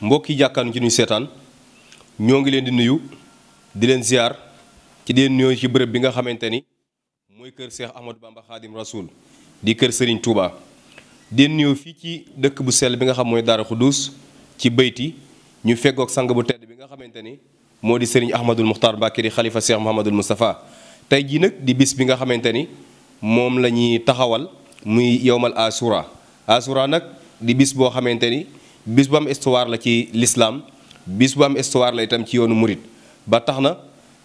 mbokki jàkkaanu ci nuy seetaan ñoo ngi leen di nuyu di leen ziar ci di Ahmad ci bërëb bi nga kër Cheikh Bamba Khadim Rasoul di kër Serigne Touba. di fiki nuyoo fii ci dëkk bu sell bi nga xam mooy Daara Khoudous ci bayti ñu feggoog sang bu tedd bi nga xamante ni Serigne Ahmadul Mukhtar bakiri di xalifa Cheikh Mouhamadul Moustapha tey jii nag di bis bi nga xamante ni moom taxawal muy yowmal asura asura nak di bis boo xamante bis bu am histoire la ci lislaam bis bu am histoire la itam ci yoonu murit ba tax na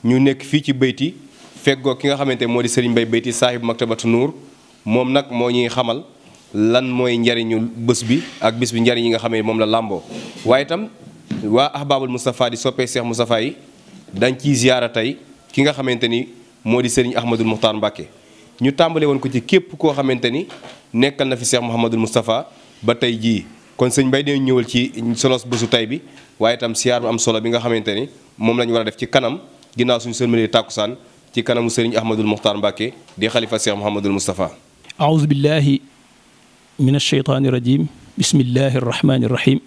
ñu nekk fii ci bayti feggoo ki nga xamante moo di sëriñ Mbay bayti saahib maktabatu nuur moom nag moo ñuy xamal lan mooy njariñu bés bi ak bis bi njariñ yi nga xam moom la làmboo waaye itam waa ahbaabul Moustapha di soppee Seex Moustapha yi dañ ciy ziyaara tey ki nga xamante ni moo di sëriñ Ahmadul Muxtaar Mbàkke ñu tàmbale woon ko ci képp koo xamante ni nekkal na fi Seex Muhammadul Moustapha ba tey jii kon sëñ Mbaye dinañ ñëwul ci solos bésu tay bi waye tam siar bu am solo bi nga xamanteni mom lañu wara def ci kanam ginaaw suñu sërmëlee takusan ci kanamu sëriñ Ahmadul Muxtaar mbake di khalifa Cheikh Mouhamadul mustafa a'udhu billahi minash shaitani rajim bismillahir rahmanir rahim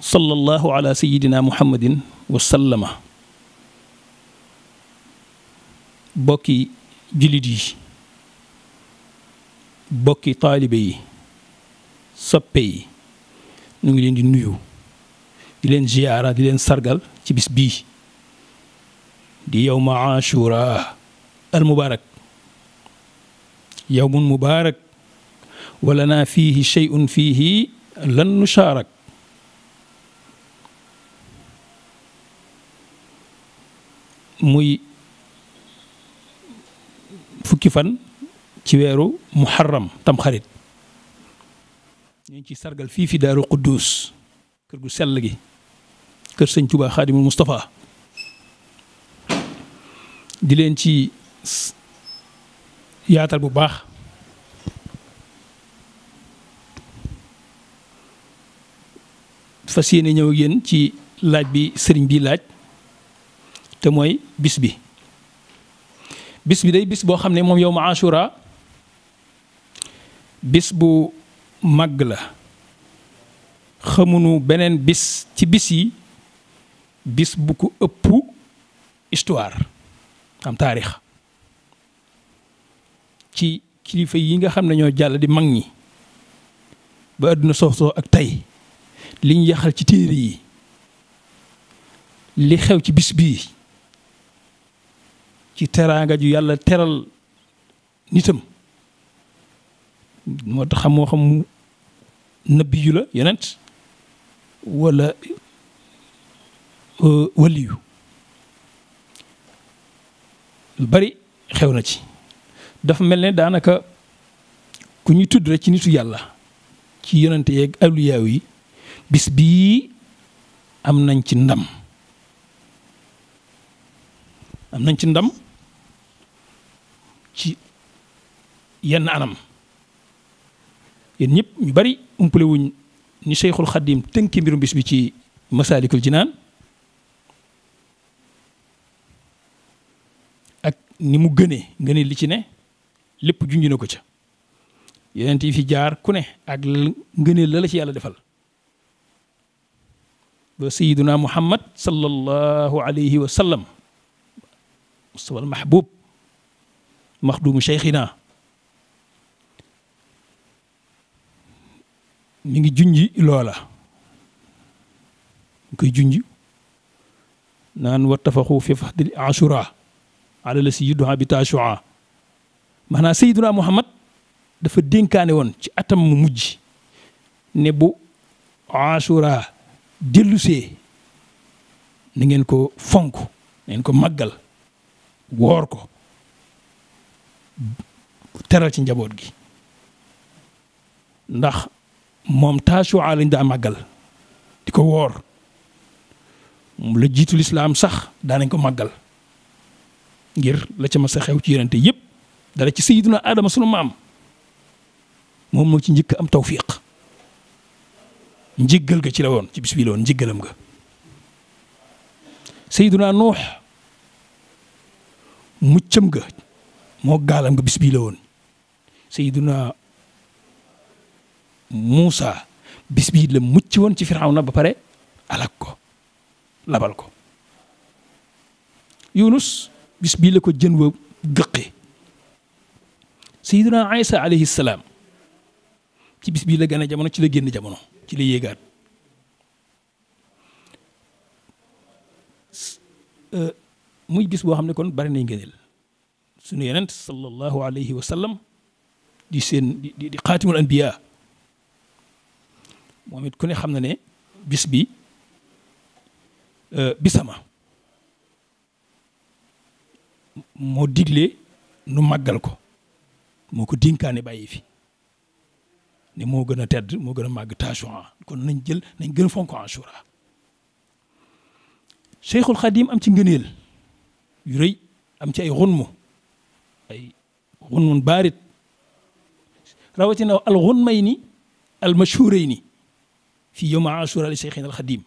sallallahu ala sayidina muhammadin wa sallama bokki jullit yi bokki soppe yi ñu ngi leen di nuyu di leen ziyaara di leen sargal ci bis bii di yawma ashura al mubaarak yawmun mubaarak walana fiihi shay'un fiihi lan nushaarak muy fukki fan ci weeru muharram tam xarit ñu ngi ci sargal fii fi daaru Quddus kër gu sell gi kër sëñ Tuubaa Xaadimul Mustapha di leen ci yaatal bu baax fas yéene ñëw ak yéen ci laaj bi sëriñ bi laaj te mooy bis bi bis bi day bis boo xam ne moom yow ma Ashura bis bu màgg la xamunu beneen bis ci bis yi bis bu ko ëpp histoire am taarix ci kilifa yi nga xam ne ñoo jàll di mag ñi ba àdduna soosoo ak tey liñ yaxal ci téere yi li xew ci bis bii ci teraanga ju yàlla teral nitam moo tax xam moo xam la yonent wala euh, waliyu bari xew na ci dafa mel ne daanaka ku ñu tudd rek ci nitu yàlla ci yonente yeeg awliyaaw yi bis bii am nañ ci ndam am nañ ci ndam ci yenn anam yéen ñep ñu bari umpale wuñ ni Cheikhul Khadim tënki mbirum bis bi ci masalikul jinan ak ni mu gëné gëné li ci ne lépp juñu nako ca yeen yi fi jaar ku ne ak gëné la la ci yàlla defal ba sayyiduna muhammad sallallahu alayhi wa sallam mustafa al mahbub مخدوم شيخنا mi ngi junji loola mi koy junj naan wattafaxu fi faxdil ashura ala la si yudduha bi tashua maanaam sayyiduna muhammad dafa dénkaane woon ci atam mu mujj ne bu ashura dellusee na ngeen ko fonk na ngeen ko màggal woor ko teral ci njaboot gi ndax moom taasuwaa lañ daa màggal di ko woor la jiitu lislaam sax daanañ ko màggal ngir la ca mas a xew ci yonente yëpp dara ci sayiduna aadama sunu maam moom moo ci njëkk am tawfiq njëggal ga ci lawoon ci bis bii la woon njëggalam ga sayiduna nuux muccam ga moo gaalam ga bis woon sayiduna Moussa bis bii la woon ci Firawna ba pare alak labal ko Yunus bis bii la ko jën wa gëqi Sayyidina Isa salaam ci bis bii la gane jamono ci la génn jamono ci la yéegaat euh, muy bis boo xam ne kon bari nañ ngëneel sunu yonent sallallahu alayhi wa di seen di di xaatimul anbiya moom it ku ne xam na ne bis bi bisama moo digle nu màggal ko moo ko dénkaane bàyyi fi ne moo gën a tedd moo gën a màgg tachua kon nañ jël nañ gën a fonk Ashura Cheikhul Khadim am ci ngëneel yu rëy am ci ay xunmu ay xunmun baarit rawatina al xunmay ni al mashhuray ni في يوم عاشوراء لشيخنا الخديم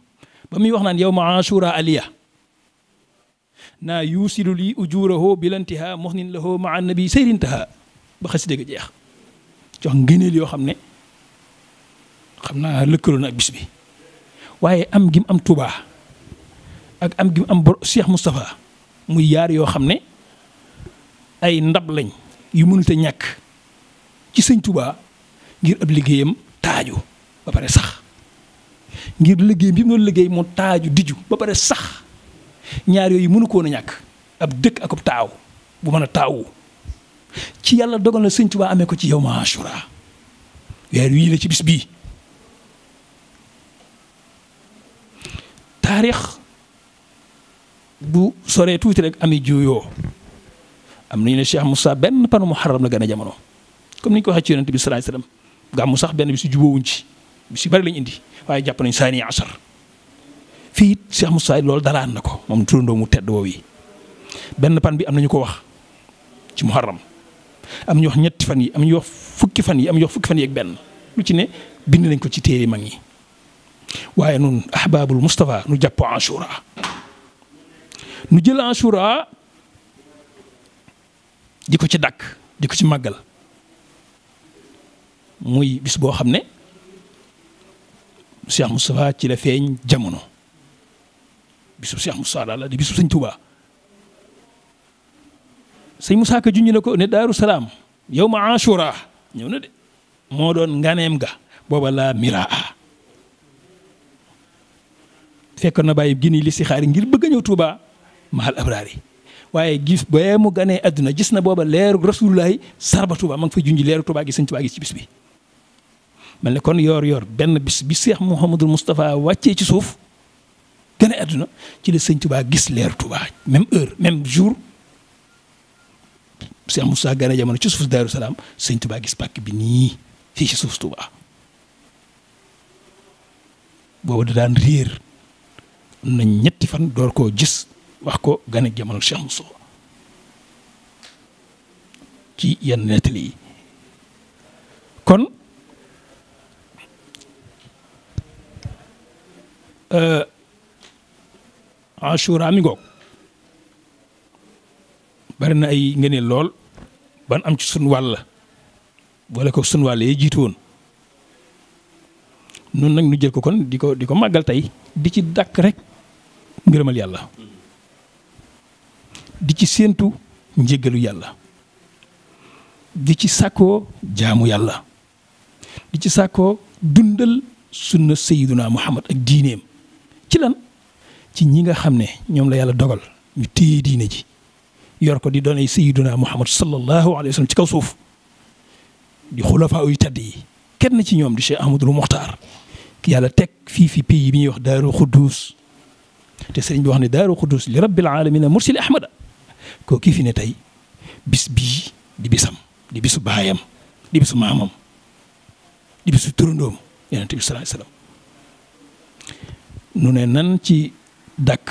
بامي واخنا يوم عاشوراء عليا نا يوصل لي اجوره بلا انتهاء مخن له مع النبي سير انتهاء بخس ديغ جيخ جون غيني ليو خامن خمنا لكلنا بسبي واي ام جيم ام توبا اك ام جيم ام شيخ مصطفى مو يار يو خامن اي نداب لاني يو مونتا نياك سي سيغ توبا غير اب ليغييم تاجو با بري صح ngir liggéey bi mu doon liggéey mu taaju diju ba pare sax ñaar yooyu mënu koon ñàkk ab dëkk akub taaw bu mën a taawu ci yàlla dogal na sëñ waa amee ko ci yow ma Ashura weer wii la ci bis bii taarix bu soree tuuti rek ami juuyoo am nañu ne Cheikh Moussa benn panu muharram la gën a jamono comme ni ñu ko waxee ci yonent bi salaay salaam gàmmu sax benn bi si jubóowuñ ci si bari lañ indi waye japp nañ sani asar Fit Cheikh Moussa loolu dalaan na ko moom turandoo mu tedd pan bi am nañ ko wax ci muharram am ñu wax ñetti fan yi am ñu wax fukki fan yi am ñu wax fukki fan yi ak ben lu ci ne bind nañ ko ci téré mag yi waye nun ahbabul Mustafa, nu japp Ashura nu jël Ashura diko ci dak diko ci magal muy bis bo xamne Cheikh Moustapha ci la feeñ jamono bisub Cheikh Moustapha daal la di bisub sëñ Touba sëñ musaaka Ka junj na ko ne Daaru Salaam yow ma Ashura ñëw na de moo doon nganeem ga booba laa miraa fekkoon na bàyyi gini li si xaari ngir bëgg a ñëw Touba mahal abraari waaye gis ba mu ganee àdduna jis na booba leeru rasulullahi sarba Touba ma ngi fay junj leeru Touba gi sëñ Touba gi ci bis bi. mel ne kon yoor yor benn bis bi seex Mouhamadul Moustapha wàccee ci suuf gën àdduna ci la sëñ Touba gis leer Touba même heure même jour seex Moussa gën a jamono ci suuf Daaru sëñ Touba gis pàkk bi nii fii ci suuf Touba boobu da daan réer na ñetti fan door koo gis wax ko gën a jamono seex Moussa ci yenn nettali yi kon. Euh, ashura mi ngoog bari na ay ngëneel lool ban am ci sunu la boole ko sunu wàll yi jiitu woon noonu nag nu jël ko kon di ko di ko màggal tey di ci dàkk rek ngërëmal yàlla di ci séentu njéggalu yàlla di ci sàkkoo jaamu yàlla di ci sàkkoo dundal sunna sayyiduna muhammad ak diineem ci lan ci ñi nga xam ne ñoom la yàlla dogal ñu téye diine ji yor ko di doonay sayiduna muhammad sallallahu alayhi wa sallam ci kaw suuf di xulafaa yu tedd yi kenn ci ñoom di Cheikh Ahmadul Muxtaar ki yàlla teg fii fi pays bi ñuy wax Daaru Xuddus te sëriñ bi wax ne Daaru Xuddus li rabbil alamina mursili ahmada koo kii fi ne tey bis bii di bisam di bisu baayam di bisu maamam di bisu turandoom yonente bi sallallahu alayhi wa sallam nu ne nan ci dàkk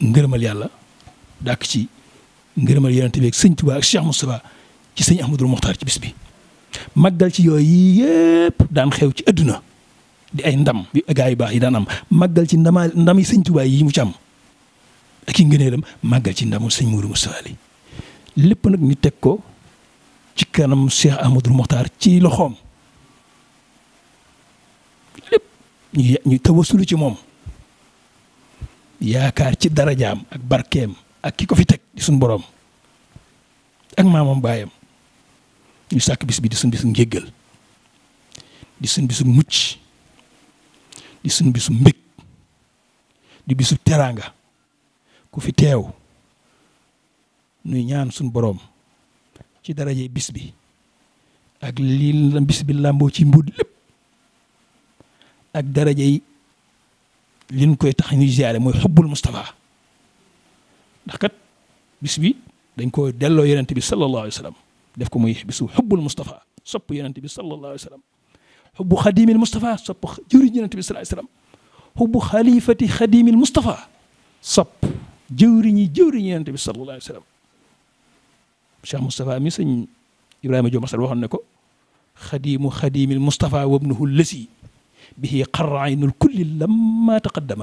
ngërëmal yàlla dàkk ci ngërëmal yonent bi ak sëñ Tuubaa ak Cheikh ci sëñ Ahmadul Moxtaar ci bis bi màggal ci yooyu yëpp daan xew ci adduna di ay ndam yu gaa baax yi daan am màggal ci ndama ndam yi sëñ Tuubaa yi mu ci am ak i màggal ci ndamu sëñ Mourou Moustapha li lépp nag ñu teg ko ci kanam Cheikh Ahmadul Moxtaar ci loxoom ñu ñu tawasulu ci mom yaakar ci jam ak barkem ak kiko fi tek di sun borom ak mamam bayam ñu sak bis bi di sun bisu njéggal di sun bisu mucc di sun bisu mbég di bisu teranga ku fi tew nuy ñaan sun borom ci daraje bis bi ak lii bis bi ci mbud ak daraja yi liñ koy tax ñuy ziare moy xubbul mustafa ndax kat bis bi dañ ko dello yenen bi sallallahu alayhi wasallam def ko moy bisu xubbul mustafa sopp yenen bi sallallahu alayhi wasallam sallam xubbu xadimil Moustapha sopp juri yenen bi sallallahu alayhi wa sallam xubbu xalifati mustafa Moustapha sopp ñi jëwriñi yenen bi sallallahu alayhi wasallam Cheikh mustafa mi seigne Ibrahima Diop waxon ne ko xadimu xadimil Moustapha wabnuhu lësi به قر عين الكل لما تقدم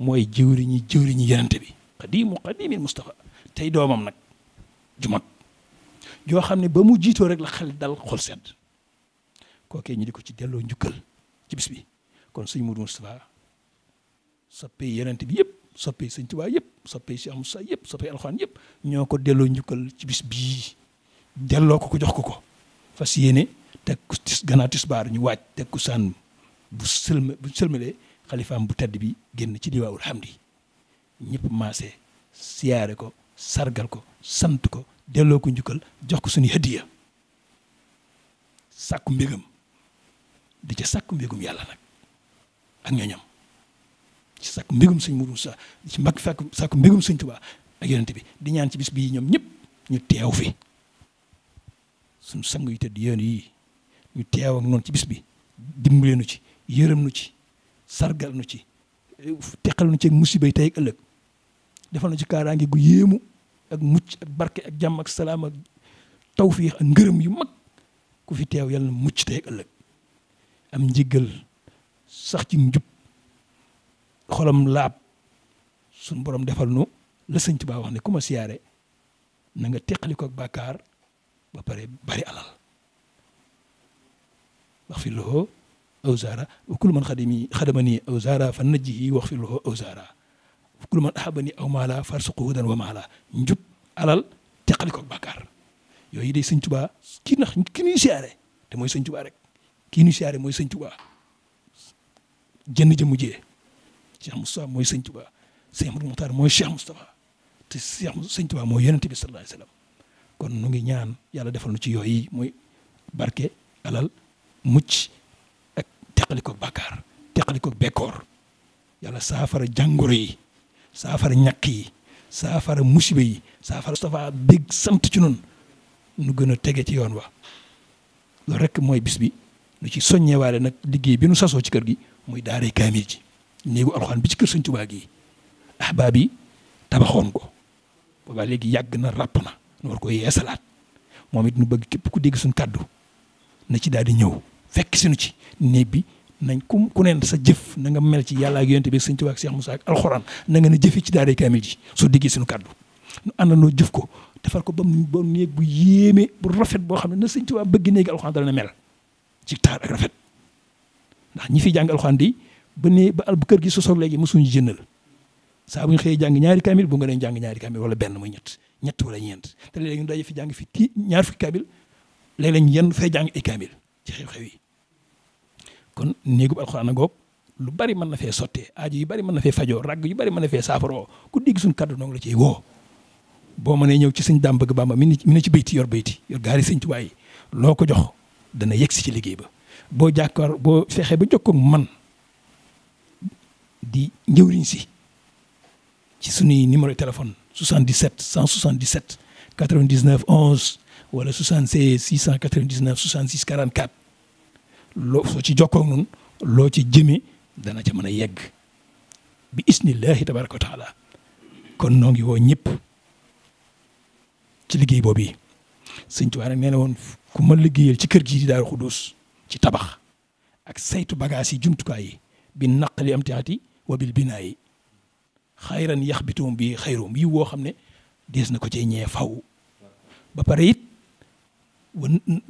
موي جوري ني جوري ني يانتبي قديم قديم المصطفى تاي دومام نك جمك جو خامني بامو جيتو رك لا خال دال خول سد كوكي ني ديكو سي ديلو نجوكل سي بيس بي كون سيني مودو مصطفى سابي يانتبي ييب سابي سيني توبا ييب سابي شيخ موسى ييب سابي الخوان ييب نيوكو ديلو نجوكل سي بيس ديلو كوكو جوخ كوكو فاس teg ku tis gannaaw tisbaar ñu waaj teg ku sànn bu sëlma bu sëlmalee xalifaam bu tedd bi génn ci diwaawul hamdi ñëpp maase siyaare ko sargal ko sant ko delloo ko njukkal jox ko suñu hadiya sàkku mbégam di ci sàkku mbégum yàlla nag ak ñooñam ci sàkku mbégum sëñ Mourou Moussa ci mag fàkk sàkku mbégum sëñ Touba ak yonent bi di ñaan ci bis bi ñoom ñëpp ñu teew fi suñu sang yu tëdd yoon yii ñu teew ak noonu ci bis bi dimbale ci yërëm nu ci sargal nu ci teqal nu ci ak musiba yi tey ak ëllëg defal nu ci kaaraange gu yéemu ak mucc ak barke ak jàmm ak salaam ak tawfiix ak ngërëm yu mag ku fi teew yàlla na mucc tey ak ëllëg am njëgal sax ci njub xolam laab suñ borom defal nu la sëñ Tuubaa wax ne ku siyaare na nga teqali ko ak bàkkaar ba pare bari alal واغفر له أوزارا وكل من خدمي خدمني أوزارا فنجه واغفر له أوزارا وكل من أحبني أو مالا فارسقه هدى ومالا njub alal teqali ko bàkkaar yooyu day sëñ Tuubaa kii nax kii ñuy siyaare te mooy sëñ Tuubaa rek kii ñuy siyaare mooy sëñ Tuubaa jënn jëmu jee Cheikh Moustapha mooy sëñ Tuubaa Cheikh Amadou Mouhtar mooy Cheikh Moustapha te Cheikh sëñ Tuubaa mooy yonent bi sallallahu alayhi wa sallam kon nu ngi ñaan yàlla defal nu ci yooyu mooy barke alal mucc ak teqalikoog bàkkaar teqalikoog bekkoor yàlla saafara jàngoro yi saafara ñàkk yi saafara musiba yi saafara Moustapha bég sant ci nun nu gën a tege ci yoon wa loolu rek mooy bis bi lu ci soññewaale nag liggéey bi nu sasoo ci kër gi muy daaray kaamil ci néegu alxuraan bi ci kër Sëñ Tuubaa gi ahbaab yi tabaxoon ko boobaa léegi yàgg na ràpp na nu war ko yeesalaat moom it nu bëgg képp ku dégg suñ kàddu na ci daal di ñëw fekk sinu ci néeg bi nañ ku ku nen sa jëf na nga mel ci yàlla ak yonent bi sëñ Tuubaa ak Cheikh Moussa ak alxuraan na nga ne jëfee ci daaray kaamil ji soo diggee sunu kàddu nu àndandoo jëf ko defar ko ba mu ba néeg bu yéeme bu rafet boo xam ne na sëñ Tuubaa bëgg néegi alxuraan dana mel ci taar ak rafet ndax ñi fi jàng alxuraan di ba nee ba al kër gi sosoog léegi mosuñu jëndal saa bu ñu xëyee jàng ñaari kaamil bu nga doon jàng ñaari kaamil wala benn muy ñett ñett wala ñeent léegi ñu daje fi jàng fi kii ñaar fukki kaamil léeg yenn fay jàng ci xew yi kon néegub alxuraan googu lu bari man na fee sottee aajo yu bari mën na fee fajoo ragg yu bari mën na fee saafaroo ku dégg suñ kaddu noonu la ciy woo boo mënee ñëw ci sëñ daam bëgg Bàmba mi ne ci béyti yor béyti yor gaari sëñ Tuubaa yi loo ko jox dana yegg si ci liggéey ba boo jàkkaar boo fexee ba jokkoog man di njëwriñ si ci suñuy numéro téléphone 77 177 99 11 wala 76 699 66 44 loo soo ci jokkoo nun loo ci jëmee dana ca mën a yegg bi isnillahi tabaraka wa kon noo ngi woo ñëpp ci liggéey boobu yi sëñ Tuubaa nag nee na woon ku liggéeyal ci kër gii di Daaru Xuduus ci tabax ak saytu bagages yi jumtukaay yi bi naqli amtiati wa bil binaa yi xayran yax bitum bi xayrum yi woo xam ne dees na ko cee ñee faw ba pare it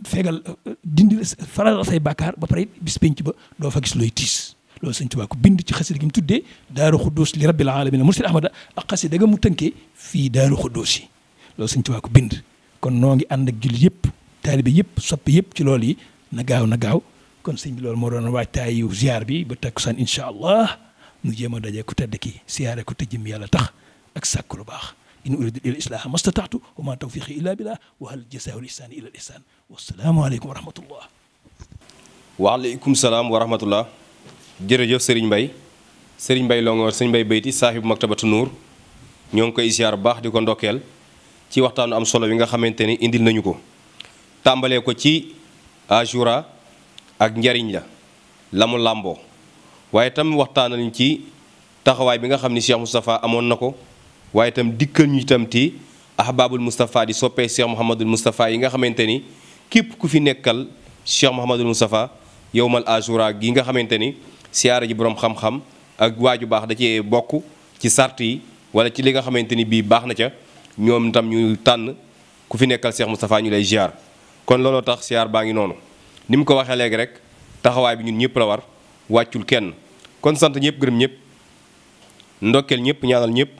fegal uh, uh, dindi faral say bàkkaar ba pare bis penc ba doo fa gis looy tiis loolu sëñ Tuubaa ko bind ci xasida gi mu tuddee daaru xudduus li rabbil alamina mursid ahmada ak xasida ga mu tënkee fii daaru xudduus yi loolu sëñ Tuubaa ko bind kon noo ngi ànd ak jullit yëpp taalibe yëpp soppi yëpp ci lool yi na gaaw na gaaw kon sëñ bi loolu moo doon waajtaayu ziar bi ba takkusaan incha allah nu jéem a dajee ku tedd ki siyaare ko te jëm yàlla tax ak sàkk lu baax إن أريد إلى الإصلاح ما استطعت وما توفيقي إلا بالله وهل جزاء الإحسان إلى الإحسان والسلام عليكم ورحمة الله waaleykum salaam wa rahmatullah jërëjëf Serigne Mbaye Serigne Mbaye Longoor Serigne Mbaye Beyti saaxibu Maktabatu Nuur ñoo ngi koy ziar bu baax di ko ndokkeel ci waxtaanu am solo bi nga xamante ni indil nañu ko tàmbalee ko ci ajura ak njariñ la la mu làmboo waaye tam waxtaan nañu ci taxawaay bi nga xam ni Cheikh Moustapha amoon na ko waaye itam dikkal ñu itam ti ahbaabul Moustapha di soppee Cheikh Mouhamadul Moustapha yi nga xamante ni képp ku fi nekkal Cheikh Mouhamadul Moustapha yowmal ashura gi nga xamante ni siyaara ji boroom xam-xam ak waaju baax da cee bokk ci sart yi wala ci li nga xamante ni bii baax na ca ñoom itam ñu tànn ku fi nekkal Cheikh Moustapha ñu lay ziar kon looloo tax siyaar baa ngi noonu ni mu ko waxee léegi rek taxawaay bi ñun ñëpp la war wàccul kenn kon sant ñëpp gërëm ñëpp ndokkeel ñëpp ñaanal ñëpp